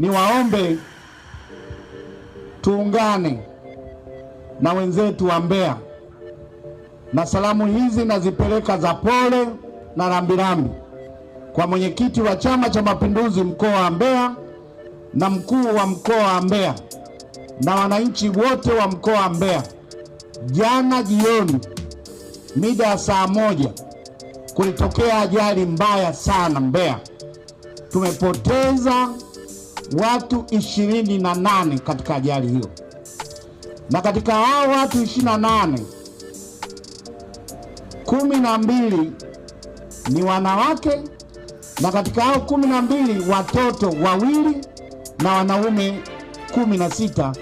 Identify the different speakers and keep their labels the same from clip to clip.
Speaker 1: niwaombe tuungane na wenzetu wa Mbeya, na salamu hizi nazipeleka za pole na rambirambi kwa mwenyekiti wa Chama cha Mapinduzi mkoa wa Mbeya na mkuu wa mkoa wa Mbeya na wananchi wote wa mkoa wa Mbeya. Jana jioni mida ya saa moja kulitokea ajali mbaya sana Mbeya, tumepoteza watu ishirini na nane katika ajali hiyo, na katika hao watu ishirini na nane kumi na mbili ni wanawake na katika hao kumi na mbili watoto wawili na wanaume kumi na sita.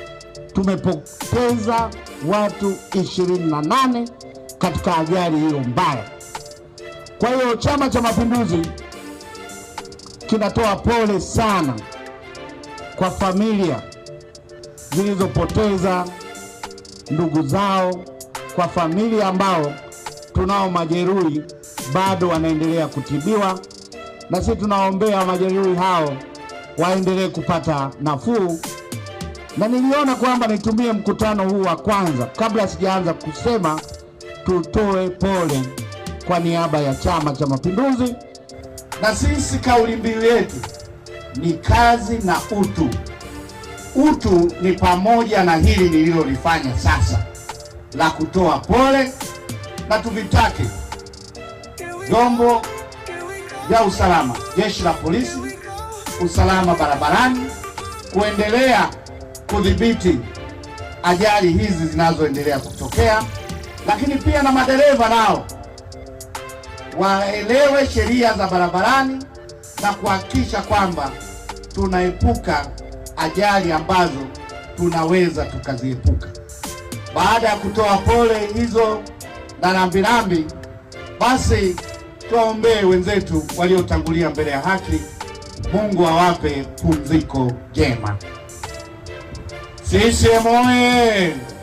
Speaker 1: Tumepoteza watu ishirini na nane katika ajali hiyo mbaya. Kwa hiyo Chama cha Mapinduzi kinatoa pole sana kwa familia zilizopoteza ndugu zao, kwa familia ambao tunao majeruhi bado wanaendelea kutibiwa, na sisi tunaombea majeruhi hao waendelee kupata nafuu. Na niliona kwamba nitumie mkutano huu wa kwanza, kabla sijaanza kusema, tutoe pole kwa niaba ya Chama cha Mapinduzi, na sisi kauli mbiu yetu ni kazi na utu. Utu ni pamoja na hili nililolifanya sasa la kutoa pole, na tuvitake vyombo vya usalama, jeshi la polisi, usalama barabarani, kuendelea kudhibiti ajali hizi zinazoendelea kutokea, lakini pia na madereva nao waelewe sheria za barabarani na kuhakikisha kwamba tunaepuka ajali ambazo tunaweza tukaziepuka. Baada ya kutoa pole hizo na rambirambi, basi tuwaombee wenzetu waliotangulia mbele ya haki. Mungu awape pumziko jema. Sisi oye!